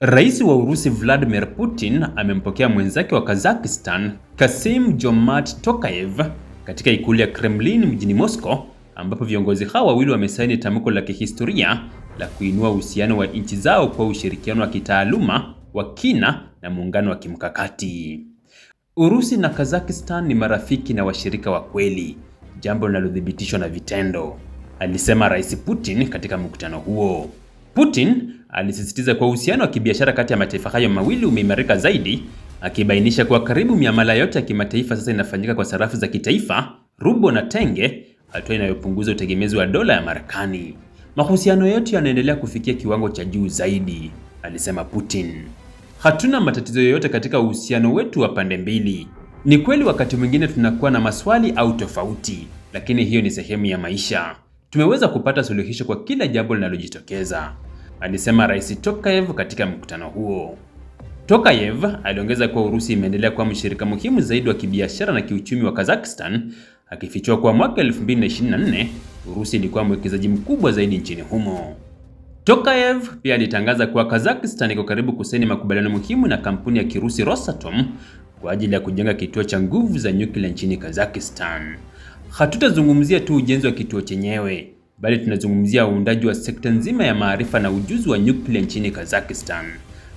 Rais wa Urusi Vladimir Putin amempokea mwenzake wa Kazakhstan Kasim Jomart Tokayev katika ikulu ya Kremlin mjini Moscow ambapo viongozi hao wawili wamesaini tamko la kihistoria la kuinua uhusiano wa nchi zao kwa ushirikiano wa kitaaluma wa kina na muungano wa kimkakati. Urusi na Kazakhstan ni marafiki na washirika wa kweli, jambo linalothibitishwa na vitendo, alisema Rais Putin katika mkutano huo. Putin alisisitiza kuwa uhusiano wa kibiashara kati ya mataifa hayo mawili umeimarika zaidi, akibainisha kuwa karibu miamala yote ya kimataifa sasa inafanyika kwa sarafu za kitaifa, rubo na tenge, hatua inayopunguza utegemezi wa dola ya Marekani. Mahusiano yetu yanaendelea kufikia kiwango cha juu zaidi, alisema Putin. Hatuna matatizo yoyote katika uhusiano wetu wa pande mbili. Ni kweli wakati mwingine tunakuwa na maswali au tofauti, lakini hiyo ni sehemu ya maisha. Tumeweza kupata suluhisho kwa kila jambo linalojitokeza alisema Rais Tokayev katika mkutano huo. Tokayev aliongeza kuwa Urusi imeendelea kuwa mshirika muhimu zaidi wa kibiashara na kiuchumi wa Kazakhstan, akifichua kuwa mwaka 2024 Urusi ilikuwa mwekezaji mkubwa zaidi nchini humo. Tokayev pia alitangaza kuwa Kazakhstan iko karibu kusaini makubaliano muhimu na kampuni ya Kirusi Rosatom kwa ajili ya kujenga kituo cha nguvu za nyuklia nchini Kazakhstan. Hatutazungumzia tu ujenzi wa kituo chenyewe bali tunazungumzia uundaji wa sekta nzima ya maarifa na ujuzi wa nyuklia nchini Kazakhstan,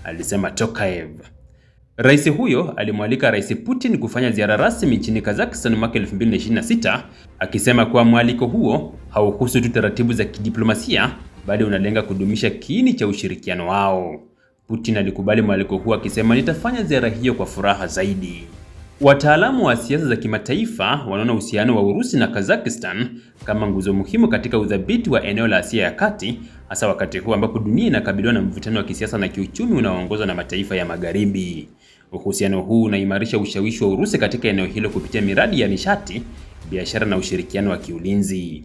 alisema Tokayev. Rais huyo alimwalika Rais Putin kufanya ziara rasmi nchini Kazakhstan mwaka 2026, akisema kuwa mwaliko huo hauhusu tu taratibu za kidiplomasia bali unalenga kudumisha kiini cha ushirikiano wao. Putin alikubali mwaliko huo akisema, nitafanya ziara hiyo kwa furaha zaidi. Wataalamu wa siasa za kimataifa wanaona uhusiano wa Urusi na Kazakhstan kama nguzo muhimu katika udhabiti wa eneo la Asia ya Kati, hasa wakati huu ambapo dunia inakabiliwa na mvutano wa kisiasa na kiuchumi unaoongozwa na mataifa ya Magharibi. Uhusiano huu unaimarisha ushawishi wa Urusi katika eneo hilo kupitia miradi ya nishati, biashara na ushirikiano wa kiulinzi.